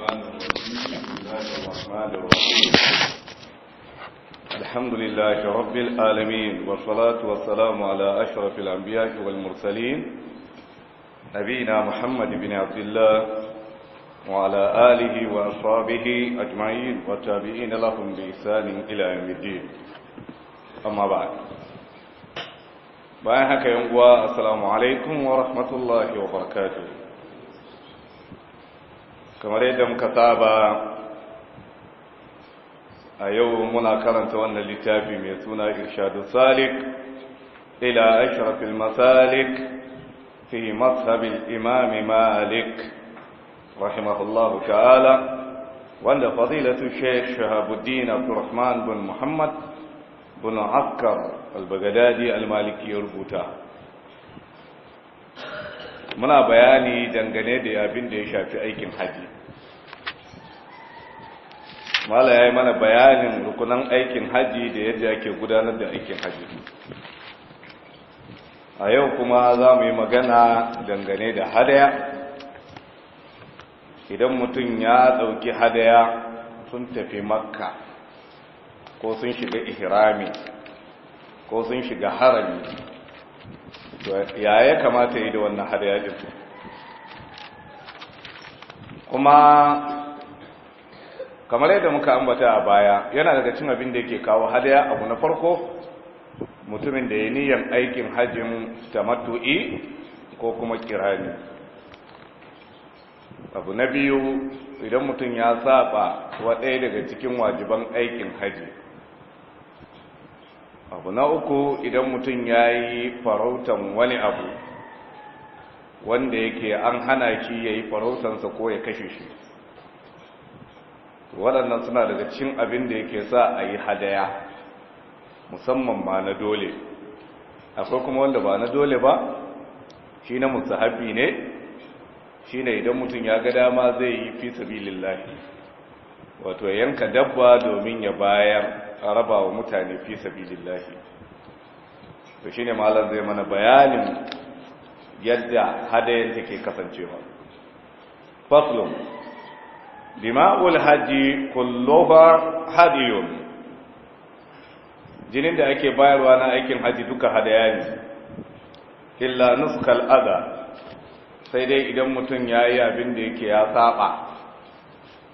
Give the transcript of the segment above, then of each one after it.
بسم الله الرحمن الرحيم الحمد لله رب العالمين والصلاة والسلام على أشرف الأنبياء والمرسلين نبينا محمد بن عبد الله وعلى آله وأصحابه أجمعين والتابعين لهم بإحسان إلى يوم الدين أما بعد bayan كيوم السلام عليكم ورحمة الله وبركاته kamar yadda muka saba a yau muna karanta wannan littafi mai suna irshadu salik ila ashrafil masalik fi mazhabil imami malik rahimahullahu ta'ala wanda fadilatu shaykh shahabuddin abdurrahman bin muhammad bin akkar al-baghdadi al-maliki rubuta muna bayani dangane da abin da ya shafi aikin haji mala ya yi mana bayanin rukunan aikin haji da yadda yake gudanar da aikin haji a yau kuma za mu yi magana dangane da hadaya idan mutum ya ɗauki hadaya sun tafi makka ko sun shiga ihrami ko sun shiga harami ya ya kamata yi da wannan har yajin kuma kamar yadda muka ambata a baya yana daga cin abin da yake kawo hadaya abu na farko mutumin da ya niyan aikin hajjin tamattu'i ko kuma kirani abu na biyu idan mutum ya saba wa ɗaya daga cikin wajiban aikin hajji abu na uku idan mutum ya yi farautan wani abu wanda yake an hana shi ya yi farautansa ko ya kashe shi waɗannan suna daga cin abin da yake sa a yi hadaya musamman ma na dole akwai kuma wanda ba na dole ba shi na musahabi ne shi ne idan mutum ya ga dama zai yi fi lillahi wato yanka dabba domin ya bayar a raba wa mutane fi sabilillahi to shine malam zai mana bayanin yadda hadayen take kasancewa faslun dima'ul haji kulluha hadiyun jinin da ake bayarwa na aikin haji duka hadaya ne illa nuskal adha sai dai idan mutum yayi abin da yake ya saba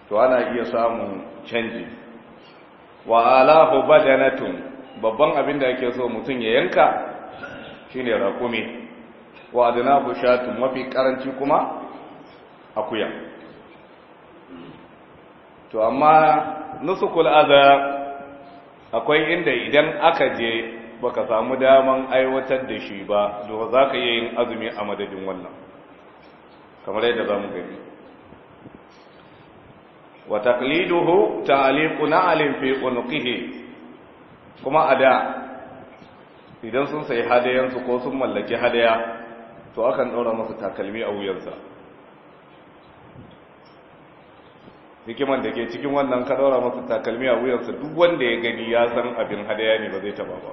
to ana iya samun canji wa alahu badanatun babban abin da ake so mutum ya yanka shine raƙumi wa adnahu shatun mafi karanci kuma akuya to amma nusukul adha akwai inda idan aka je baka samu daman aiwatar da shi ba to za yi yin azumi a madadin wannan kamar yadda za mu gani wa taqliduhu ta'liqu na'alin fi unqihi kuma ada idan sun sayi hadayansu ko sun mallaki hadaya to akan daura masa takalmi a wuyansa hikiman da ke cikin wannan ka daura masa takalmi a wuyansa duk wanda ya gani ya san abin hadaya ne ba zai taba ba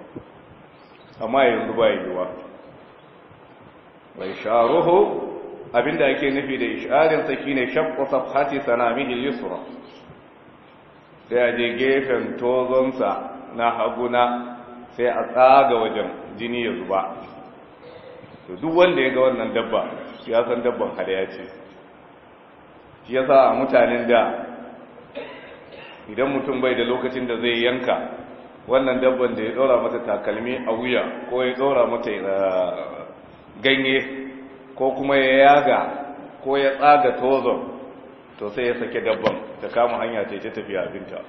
amma yanzu ba yiwuwa bai sharuhu abinda yake nufi da isharin ta shine shaqqu safhati sanamihi al-yusra sai a je gefen tozonsa na haguna sai a tsaga wajen jini ya zuba to duk wanda ya ga wannan dabba ya san dabban hadaya ce shi yasa mutanen da idan mutum bai da lokacin da zai yanka wannan dabban da ya ɗora mata takalmi a wuya ko ya ɗora mata eh, ganye ko kuma ya yaga ko ya tsaga tozon to sai ya sake dabban ta kama hanya ce ta tafiya abinta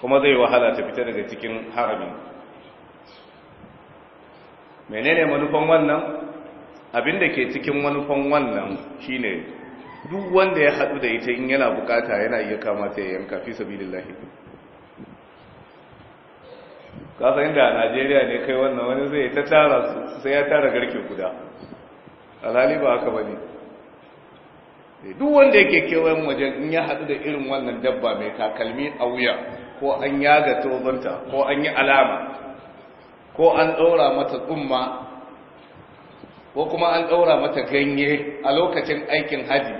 kuma zai wahala ta fita daga cikin haramin menene manufan wannan abin da ke cikin manufan wannan shine duk wanda ya hadu da ita in yana bukata yana iya kama ta yanka fi sabilillah kasa inda a najeriya ne kai wannan wani zai ta tara sai ya tara garke guda alali ba haka bane eh, duk wanda yake kewayen wajen in ya hadu da irin wannan dabba mai takalmi a wuya ko an yaga tozonta ko an yi alama ko an ɗaura mata tsumma ko kuma an ɗaura mata ganye a lokacin aikin haji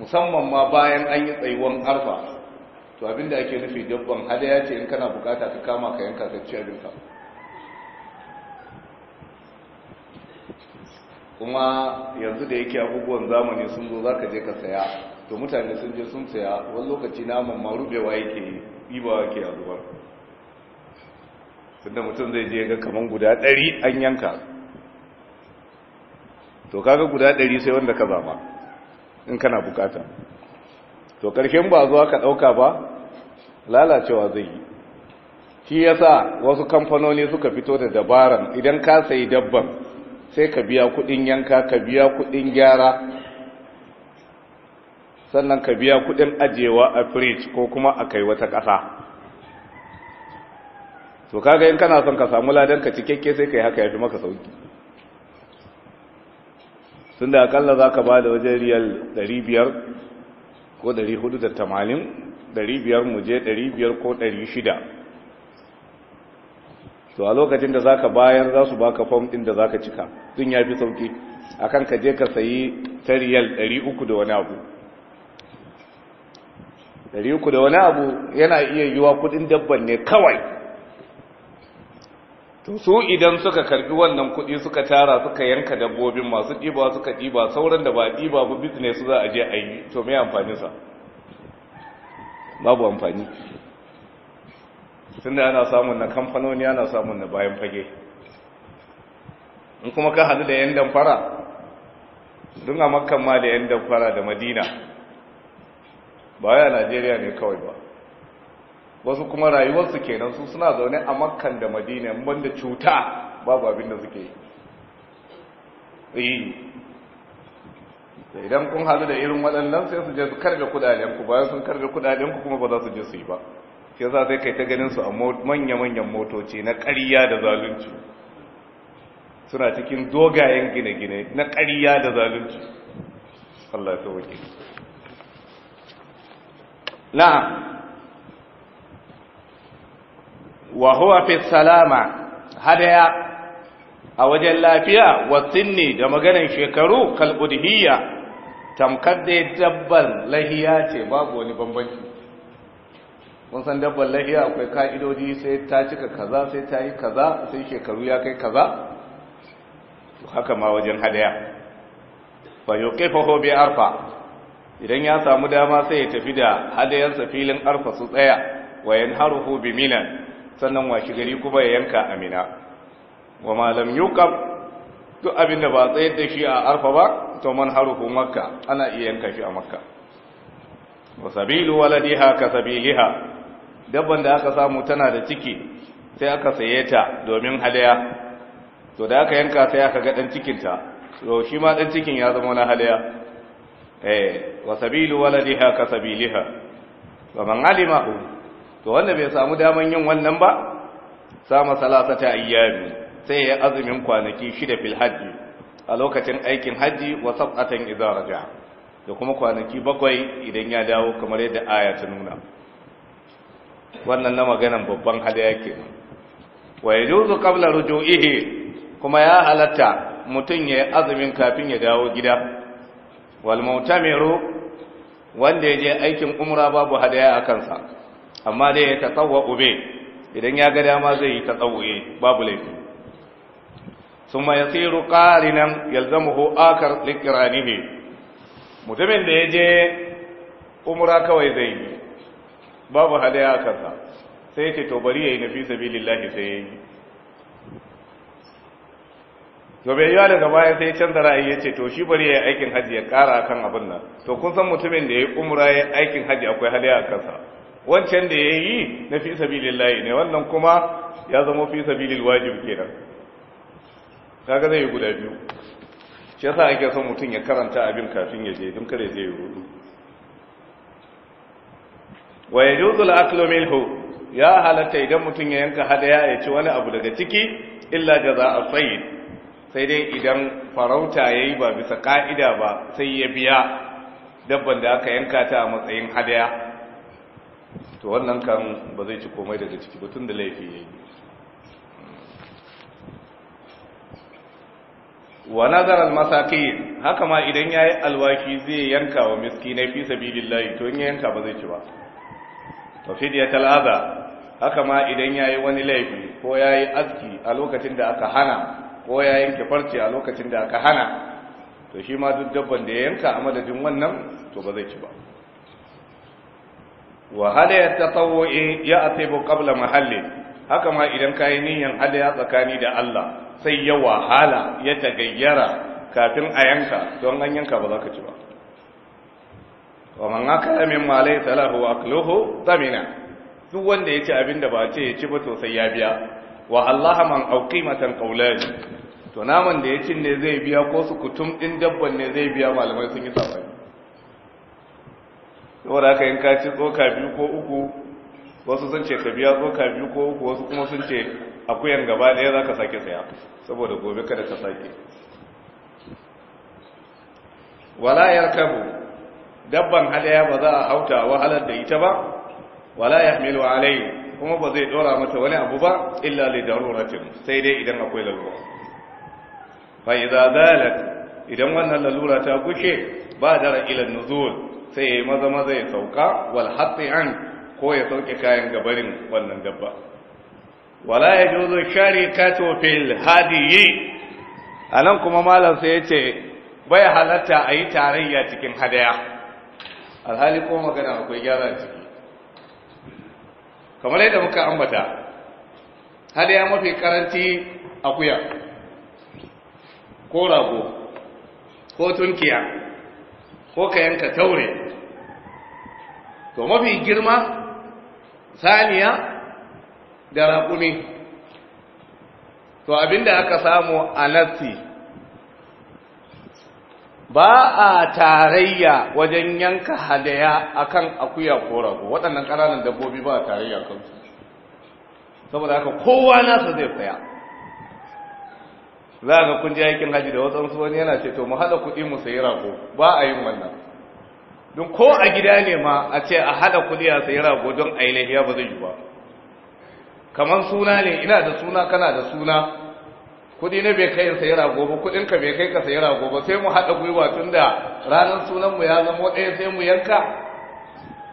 musamman ma bayan an yi tsayuwan arfa to abinda ake nufi dabban hadaya ce in kana bukata ka kama ka yanka ka ci abinka kuma yanzu da yake abubuwan zamani sun zo zaka je ka saya to mutane sun je sun saya wani lokaci naman ma rubewa yake yi ba wake a zuwa tunda mutum zai je ga kaman guda ɗari an yanka to kaga guda ɗari sai wanda ka zama in kana bukata to karshen ba zuwa ka ɗauka ba lalacewa zai yi shi yasa wasu kamfanoni suka fito da dabaran idan ka sayi dabban sai ka biya kudin yanka ka biya kudin gyara sannan ka biya kudin ajewa a fridge ko kuma a kai wata kasa to kaga in kana son ka samu ladan ka cikakke sai kai haka yafi maka sauki tun da akalla za ka ba da wajen riyal 500 ko 480 500 muje 500 ko 600 to a lokacin da zaka bayar za su baka fom din da zaka cika din fi sauki akan ka je ka sayi ta riyal 300 da wani abu 300 da wani abu yana iya yiwa kudin dabban ne kawai to su idan suka karbi wannan kudi suka tara suka yanka dabbobin masu diba suka diba sauran da ba diba ba business za a je a yi to me amfani sa babu amfani tunda ana samun na kamfanoni ana samun na bayan fage in kuma ka hadu da 'yan damfara don a makon ma da 'yan damfara da madina ba ya najeriya ne kawai ba wasu kuma rayuwarsu kenan su suna zaune a makon da madina banda cuta babu abin da suke yi eh. idan kun hadu da irin waɗannan sai su je su karga kudadenku bayan sun karga kudadenku kuma ba za su je su yi ba shi yasa sai kai ta ganin su a manya-manyan motoci na ƙariya da zalunci suna cikin dogayen gine-gine na ƙariya da zalunci Allah ta wake na wa fi salama hadaya a wajen lafiya wasinni da maganan shekaru kalbudhiyya tamkar da dabban lahiya ce babu wani bambanci kun san dabbar lahiya akwai ka'idodi sai ta cika kaza sai ta yi kaza sai shekaru ya kai kaza haka ma wajen hadaya fa yuqifahu bi arfa idan ya samu dama sai ya tafi da hadayansa filin arfa su tsaya wa yanharuhu bi minan sannan washi gari kuma ya yanka amina wa ma lam yuqab duk abin da ba tsayar da shi a arfa ba to man haruhu makka ana iya yanka shi a makka wa sabilu waladiha ka sabiliha dabban da aka samu tana da ciki sai aka saye ta domin halaya to da aka yanka sai aka ga dan cikinta to shi ma dan cikin ya zama na halaya eh wa sabilu waladiha ka sabiliha wa man hu to wanda bai samu daman yin wannan ba sama salasata ayyami sai ya azumin kwanaki shida fil haji a lokacin aikin hajji wa sab'atan idza raja da kuma kwanaki bakwai idan ya dawo kamar yadda aya ta nuna wannan na maganan babban hadaya kenan wa yajuzu qabla ruju'ihi kuma ya halatta mutum ya azumin kafin ya dawo gida wal mautamiru wanda ya je aikin umra babu hadaya a kansa amma dai ya tatawwa ube idan ya ga dama zai yi tatawuye babu laifi summa yasiru qarinan yalzamuhu akar liqranihi mutumin da ya je umra kawai zai yi babu hadaya a kansa sai ce to bari yayi nafi sabilillahi sai yayi to bai yi wani gaba sai canza ra'ayi ya ce to shi bari yayi aikin haji ya kara kan abin nan to kun san mutumin da yayi umra yayi aikin haji akwai hadaya a kansa wancan da yayi nafi sabilillahi ne wannan kuma ya zama fi sabilil wajib kenan kaga zai yi guda biyu shi yasa ake son mutum ya karanta abin kafin ya je don kare zai yi rudu wa yajuzul aklu minhu ya halatta idan mutum ya yanka hadaya ya ci wani abu daga ciki illa jaza'a sayyid sai dai idan farauta yayi ba bisa ka'ida ba sai ya biya dabban da aka yanka ta a matsayin hadaya to wannan kan ba zai ci komai daga ciki ba tun da laifi yayi wa nazar al-masakin haka ma idan yayi alwaki zai yanka wa miskinai fi sabilillah to in ya yanka ba zai ci ba to fidiyatul adha haka ma idan yayi wani laifi ko yayi aski a lokacin da aka hana ko ya yanke farce a lokacin da aka hana to shi ma duk dabban da ya yanka a madadin wannan to ba zai ci ba wa hada ya tatawwu'i ya atibu qabla mahalli haka ma idan kai niyyar hada ya tsakani da Allah sai ya wahala ya tagayyara kafin a yanka don an yanka ba za ka ci ba wa man aka min ma laysa lahu akluhu tamina duk wanda yace abin da ba ce ya ci ba to sai ya biya wa Allah man auqimatan qawlan to naman da ya cin ne zai biya ko su kutum din dabban ne zai biya malamai sun yi sabani saboda haka in ka ci tsoka biyu ko uku wasu sun ce ka biya tsoka biyu ko uku wasu kuma sun ce akuyan gaba ɗaya za ka sake saya saboda gobe kada ka sake wala yarkabu dabban hadaya ba za a hauta wahalar da ita ba wala ya milu alai kuma ba zai dora mata wani abu ba illa li daruratin sai dai idan akwai lalura fa idza zalat idan wannan lalura ta gushe ba dara ila nuzul sai ya maza maza ya sauka wal hatti an ko ya sauke kayan gabarin wannan dabba wala ya yajuzu sharikatu fil hadiyi anan kuma malam sai yace bai halatta ayi tarayya cikin hadaya alhali ko magana akwai gyara ciki kamar yadda muka ambata ya mafi karanti akuya ko rago ko tunkiya ko ka yanka taure to mafi girma saniya da raƙumi to abinda aka samu a nassi ba a tarayya wajen yanka hadaya akan akuya ko rago waɗannan ƙananan dabbobi ba a tarayya kansu saboda haka kowa nasa zai tsaya za ga kun ji aikin haji da wasu wani yana ce to mu haɗa kuɗi mu sayi rago ba a yin wannan don ko a gida ne ma a ce a haɗa kuɗi a sayi rago don a yi lahiya ba zai yi ba kamar suna ne ina da suna kana da suna kudi ne bai kai sayi rago ba kudin ka bai kai ka sayi rago ba sai mu haɗa gwiwa tunda ranar sunan mu ya zama ɗaya sai mu yanka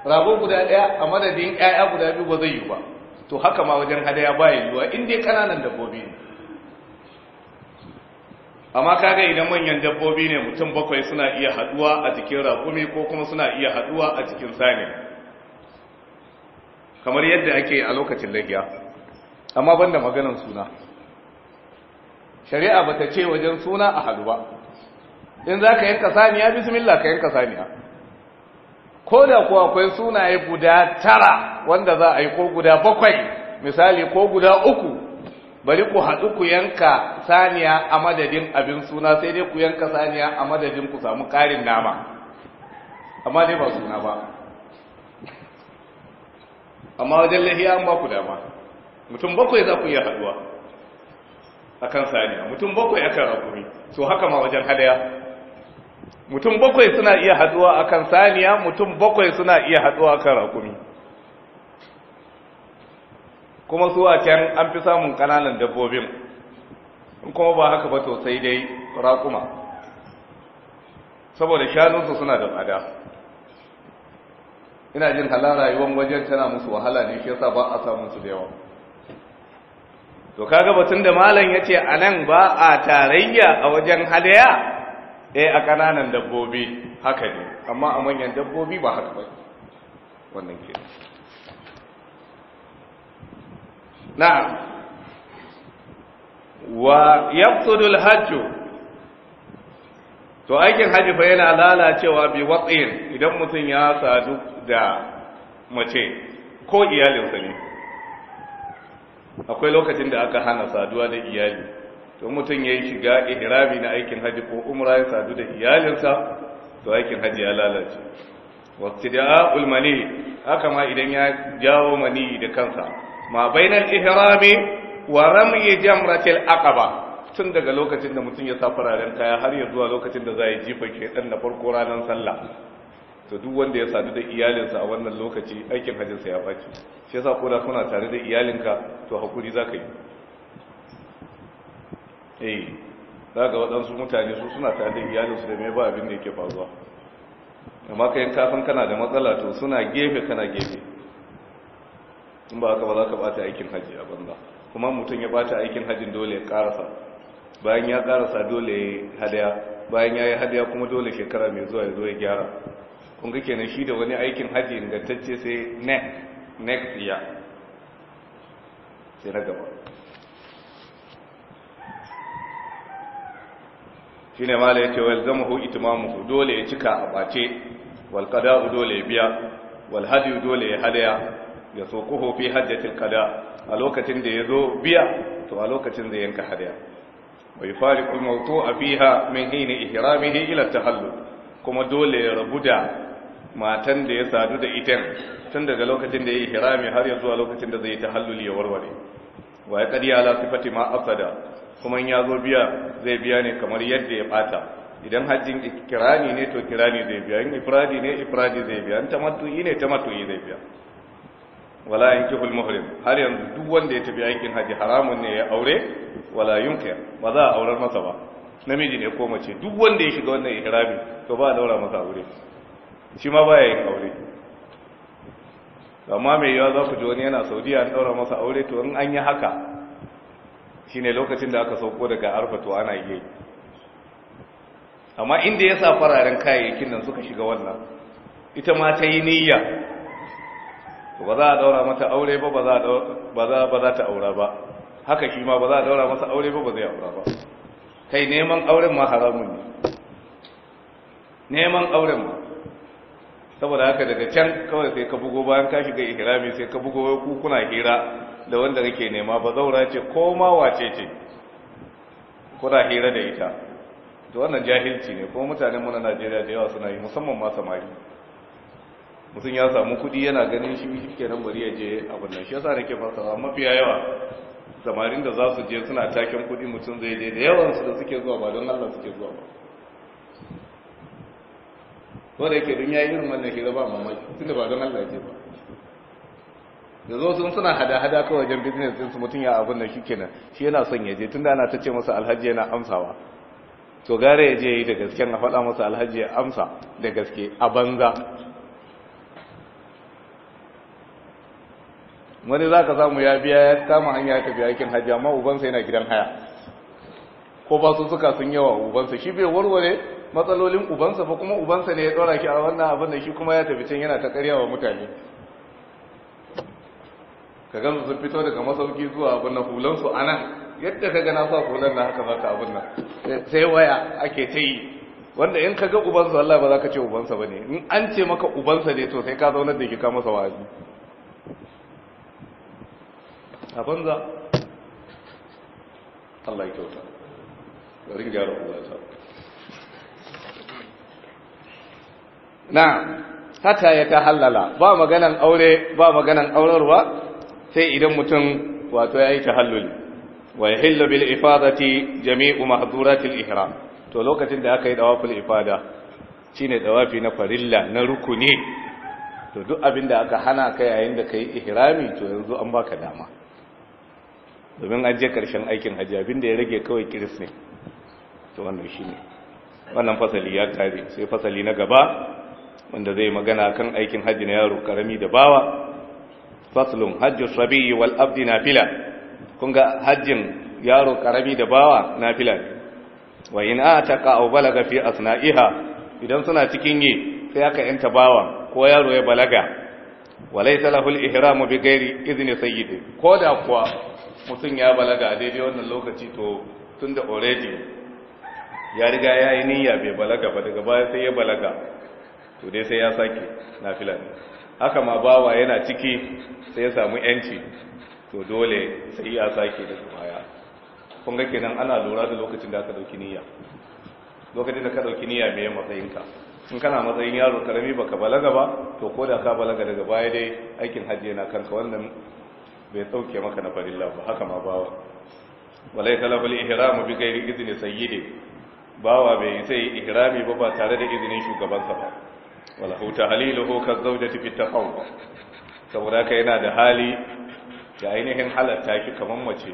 rago guda ɗaya a madadin ƴaƴa guda biyu ba zai yi ba to haka ma wajen hadaya ba yiwuwa in dai kananan dabbobi ne amma kaga idan manyan dabbobi ne mutum bakwai suna iya haduwa a cikin raƙumi ko kuma suna iya haduwa a cikin sani kamar yadda ake a lokacin lagiya amma banda maganan suna shari'a bata ce wajen suna a hadu ba in za ka yanka saniya bismillah ka yanka saniya ko da kuwa akwai sunaye guda tara wanda za a yi ko guda bakwai misali ko guda uku bari ku haɗu ku yanka saniya a madadin abin suna sai dai ku yanka saniya a madadin ku samu ƙarin nama amma dai ba suna ba amma wajen lahiya an ba ku dama mutum bakwai za ku iya haɗuwa akan saniya mutum bakwai akan rakumi to haka ma wajen hadaya mutum bakwai suna iya haduwa akan saniya mutum bakwai suna iya haduwa akan rakumi kuma su a can an fi samun kananan dabbobin kuma ba haka ba to sai dai rakuma saboda shanunsu suna da tsada ina jin halar rayuwar wajen tana musu wahala ne shi yasa ba a samun su da yawa to kaga batun da malam ya ce a nan ba a tarayya a wajen hadaya eh a kananan dabbobi haka ne amma a manyan dabbobi ba haka ba wannan ke na'am wa yaqtudu to aikin haji fa yana lalacewa bi waqin idan mutum ya sadu da mace ko iyalinsa ne akwai lokacin da aka hana saduwa da iyali to mutum ya yi shiga ihrami na aikin haji ko umra ya sadu da iyalinsa to aikin haji ya lalace wacce da ulmani haka ma idan ya jawo mani da kansa ma bainal ihrami wa ramyi jamratil aqaba tun daga lokacin da mutum ya sa fararen kaya har ya zuwa lokacin da za a yi jifa ke dan na farko ranar sallah to duk wanda ya sadu da iyalinsa a wannan lokaci aikin hajjinsa ya baki shi yasa ko da kuna tare da iyalinka to hakuri za ka yi eh za ga waɗansu mutane su suna tare da iyalinsu da mai ba abin da yake faruwa amma kayan kafin kana da matsala to suna gefe kana gefe in ba haka ba za ka bata aikin hajji a banza kuma mutum ya bata aikin hajji dole ya karasa bayan ya karasa dole ya hadaya bayan ya yi hadaya kuma dole shekara mai zuwa ya zo ya gyara kun ga kenan shi da wani aikin haji ingantacce sai next next year sai na gaba shi ne mala ya ce wal zama hu itimamu dole ya cika a ɓace wal qada'u dole ya biya wal hadiyu dole ya hadaya ya sokuhu fi hajjatil qada a lokacin da ya zo biya to a lokacin da yanka hadaya wa yufariqu al mawtu'a fiha min hayni ihramihi ila tahallul kuma dole ya rabu da matan da ya sadu da ita tun daga lokacin da ya yi hirami har ya zuwa lokacin da zai ta halluli ya warware wa ya ƙarya ala sifati ma afada kuma in ya zo biya zai biya ne kamar yadda ya bata idan hajjin kirani ne to kirani zai biya in ifradi ne ifradi zai biya in tamattu'i ne tamattu'i zai biya wala yankihul muhrim har yanzu duk wanda ya tafi aikin haji haramun ne ya aure wala yunkir ba za a aurar masa ba namiji ne ko mace duk wanda ya shiga wannan ihrami to ba a daura masa aure shi ma baya yin aure amma mai yawa za ku ji wani yana saudiya an daura masa aure to in an yi haka Shi ne lokacin da aka sauko daga arfa to ana yi amma inda ya sa fararen kayayyakin nan suka shiga wannan ita ma ta yi niyya to ba za a daura mata aure ba ba za ta aura ba haka shi ma ba za a daura masa aure ba ba zai aura ba kai neman auren ma haramun ne neman auren ma saboda haka daga can kawai sai ka bugo bayan ka shiga ihrami sai ka bugo ku kuna hira da wanda kake nema ba zaura ce ko ma wace ce kuna hira da ita to wannan jahilci ne kuma mutanen mu na Najeriya da yawa suna yi musamman ma samari mutum ya samu kudi yana ganin shi shikenan bari ya je abin nan shi yasa nake amma mafiya yawa samarin da za su je suna taken kudi mutum zai je da yawan su da suke zuwa ba don Allah suke zuwa ba wanda yake dun yi irin wannan ke ba mamaki tunda ba don Allah yake ba da zo sun suna hada-hada ko wajen business din su mutum ya abin da shikenan shi yana son ya je tunda ana ta ce masa alhaji yana amsawa to gare ya je yi da gaske na faɗa masa alhaji ya amsa da gaske a banza wani za ka samu ya biya ya kama hanya ya tafi aikin hajji amma ubansa yana gidan haya ko ba su suka sun yawa ubansa shi bai warware matsalolin ubansa ba kuma ubansa ne ya dora ki a wannan abin da shi kuma ya tafi can yana ta ƙarya wa mutane ka gan sun fito daga masauki zuwa abin na hulansu su anan yadda ka gana sa hulan na haka zaka abin nan sai waya ake ta yi wanda in ka ga ubansa Allah ba za ka ce ubansa ba ne in an ce maka ubansa ne to sai ka zaunar da ka masa wa'azi a banza Allah ya kyauta garin gyara ubansa na hata ya ta hallala ba maganan aure ba maganan aurarwa sai idan mutum wato ya yi ta tahalluli wa ya hillu bil ifadati jami'u mahduratil ihram to lokacin da aka yi dawaful ifada ne dawafi na farilla na rukuni to duk abin da aka hana ka yayin da ka yi ihrami to yanzu an baka dama domin an je karshen aikin hajji abin da ya rage kawai kiris ne to wannan ne. wannan fasali ya tare sai fasali na gaba wanda zai magana kan aikin hajji na yaro karami da bawa faslun hajji sabiyi wal abdi nafila kun ga hajjin yaro karami da bawa nafila wa in ataqa aw balaga fi asna'iha idan suna cikin yi sai aka yanta bawa ko yaro ya balaga walaysa lahu al ihramu bi ghairi idni sayyidi ko da kuwa mutun ya balaga a daidai wannan lokaci to tunda already ya riga ya yi niyya bai balaga ba daga baya sai ya balaga to dai sai ya sake nafila ne haka ma bawa yana ciki sai ya samu yanci to dole sai ya sake da baya kun ga kenan ana lura da lokacin da aka dauki niyya lokacin da ka dauki niyya me matsayinka in kana matsayin yaro karami baka balaga ba to ko da ka balaga daga baya dai aikin hajji yana kanka wannan bai tsauke maka na farilla ba haka ma bawa walai talabul ihram bi ghairi izni sayyidi bawa bai sai ihrami ba ba tare da izinin shugabansa ba walahu tahliluhu ka ta fi tafawwu saboda ka yana da hali Da ainihin halatta ki kaman mace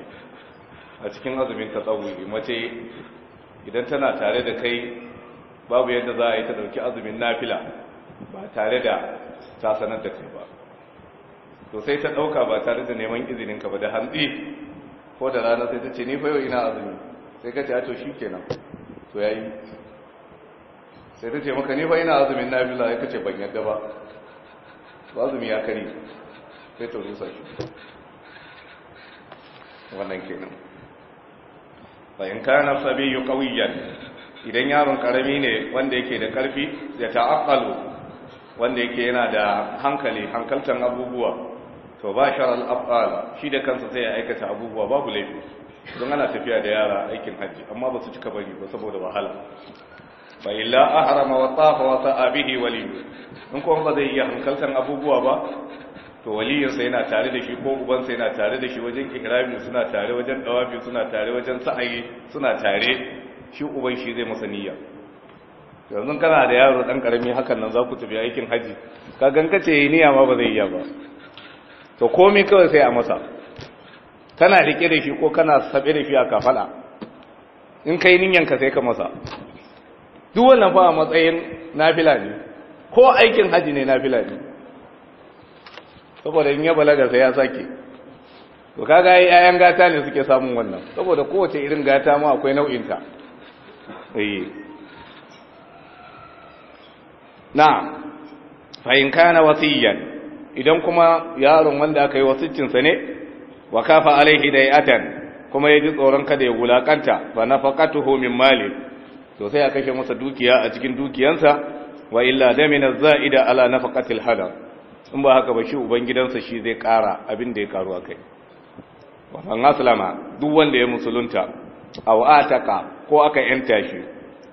a cikin azumin tasawwi mace idan tana tare da kai babu yadda za a yi ta dauki azumin nafila ba tare da ta sanar da kai ba to sai ta dauka ba tare da neman izinin ka ba da hantsi ko da rana sai ta ce ni fa yau ina azumi sai ka ce a to shikenan to yayi sai ta ce maka ni fa ina azumin nafila ya kace ban yadda ba ba azumi ya kare sai ta rusa shi wannan kenan bayan kana sabiyu qawiyan idan yaron karami ne wanda yake da karfi ya ta'aqqalu wanda yake yana da hankali hankaltan abubuwa to ba sharal afal shi da kansa sai ya aikata abubuwa babu laifi don ana tafiya da yara aikin hajji amma ba su cika bari ba saboda wahala fa illa ahrama wa tafa wa sa'a bihi waliyu in kuma ba zai iya hankaltan abubuwa ba to waliyinsa yana tare da shi ko ubansa yana tare da shi wajen ihrami suna tare wajen dawafi suna tare wajen sa'ayi suna tare shi uban shi zai masa niyya yanzu kana da yaro dan karami hakan nan za ku tafi aikin haji ka ganka ce niyya ma ba zai iya ba to komai kawai sai a masa kana rike da shi ko kana sabe da shi a kafala in kai niyyanka sai ka masa duk wannan fa a matsayin nafila ne ko aikin haji ne nafila ne saboda in ya balaga sai ya sake to kaga ai ayan gata ne suke samun wannan saboda kowace irin gata ma akwai nau'in ta eh na fa in kana wasiyan idan kuma yaron wanda aka yi wasiccin sa ne wa kafa alaihi dai'atan kuma yaji tsoron kada ya gulakanta fa nafaqatuhu min mali to sai a kashe masa dukiya a cikin dukiyansa wa illa damina za'ida ala nafaqatil hadar in ba haka ba shi ubangidansa shi zai kara abin da ya karu akai wannan aslama duk wanda ya musulunta aw ataka ko aka yanta shi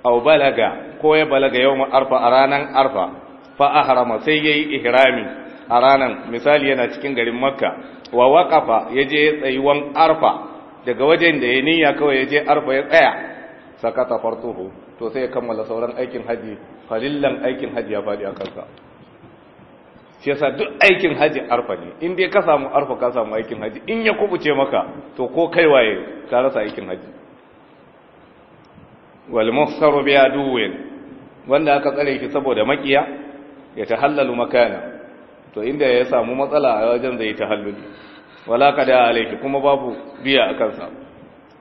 aw balaga ko ya balaga yawmin arfa a ranan arfa fa ahrama sai yayi ihrami a ranan misali yana cikin garin makka wa waqafa yaje tsayuwan arfa daga wajen da ya niyya kawai yaje arfa ya tsaya sakata fartuhu to sai ya kammala sauran aikin haji farillan aikin haji ya fadi a kansa shi yasa duk aikin haji arfa ne in dai ka samu arfa ka samu aikin haji in ya kubuce maka to ko kai waye ka rasa aikin haji wal muhsaru bi aduwin wanda aka tsare shi saboda makiya ya tahallalu makana to inda ya samu matsala a wajen zai tahalluli wala kada alayki kuma babu biya akan sa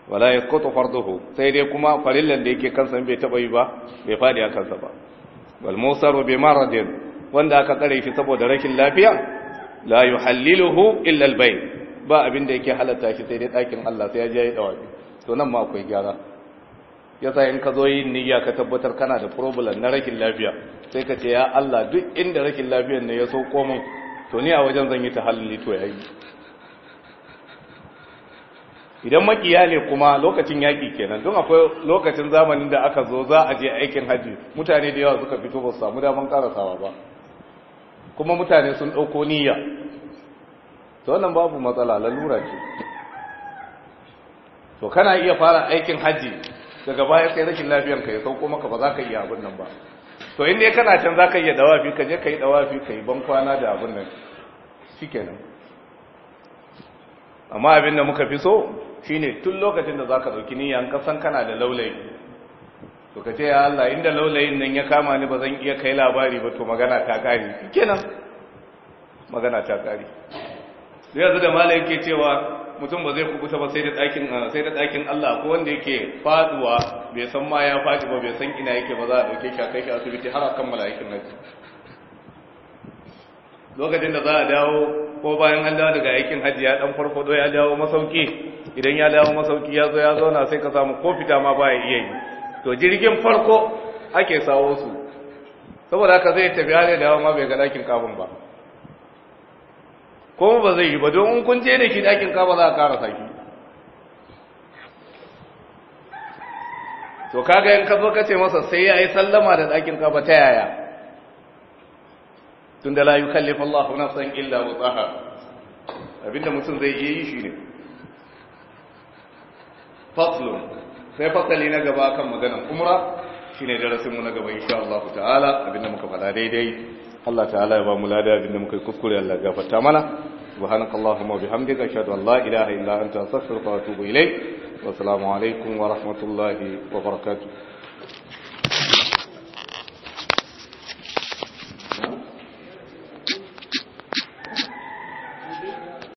wala ya kotu farduhu sai dai kuma farillan da yake kansa bai taba yi ba bai fadi a kansa ba wal musaru bi maradin wanda aka tsare shi saboda rashin lafiya la yuhalliluhu illa al bayt ba abin da yake halatta shi sai dai dakin Allah sai ya je ya dawafi to nan ma akwai gyara yasa in ka zo yin niyya ka tabbatar kana da problem na rashin lafiya sai ka ce ya Allah duk inda rashin lafiyar ne ya so komin to ni a wajen zan yi tahalli to yayi idan makiya ne kuma lokacin yaƙi kenan don akwai lokacin zamanin da aka zo za a je aikin hajji mutane da yawa suka fito ba su samu daman karasawa ba kuma mutane sun ɗauko niyya to wannan babu matsala lalura ce to kana iya fara aikin hajji daga baya sai rashin lafiyanka ya sauko maka ba za ka iya abin nan ba to inda ya kana can za ka iya dawafi ka je ka yi dawafi ka yi ban kwana da abin nan shi kenan amma abin da muka fi so shine tun lokacin da zaka dauki niyya ka kasan kana da laulayi to ka ce ya Allah inda laulayin nan ya kama ni ba zan iya kai labari ba to magana ta kare kenan magana ta kare yanzu da malai yake cewa mutum ba zai kubuta ba sai da ɗakin eh, sai da ɗakin Allah ko wanda yake faduwa bai san ma ya faɗi ba bai san ina yake ba za a dauke shi a kai shi asibiti har kammala aikin nan lokacin da za a dawo ko bayan an dawo daga aikin hajji ya dan farfado ya dawo masauki idan ya dawo masauki ya zo ya zauna sai ka samu ko fita ma baya iya yi to jirgin farko ake sawo su saboda haka zai tafi har ya dawo ma bai ga dakin kafin ba ko ba zai yi ba don kun je da ki dakin kafa za a kara saki to kaga in ka zo ka ce masa sai ya yi sallama da dakin kafa ta yaya tun da la yukallifu Allahu illa abinda mutum zai iya yi ne. faslun sai fasali na gaba kan maganar umra shine darasinmu na gaba insha Allah ta'ala abinda muka faɗa daidai Allah ta'ala ya ba mu lada abinda muka kuskure Allah gafarta mana subhanakallahumma bihamdika ashhadu an la ilaha illa anta astaghfiruka wa atubu ilayk wa assalamu alaikum wa rahmatullahi wa barakatuh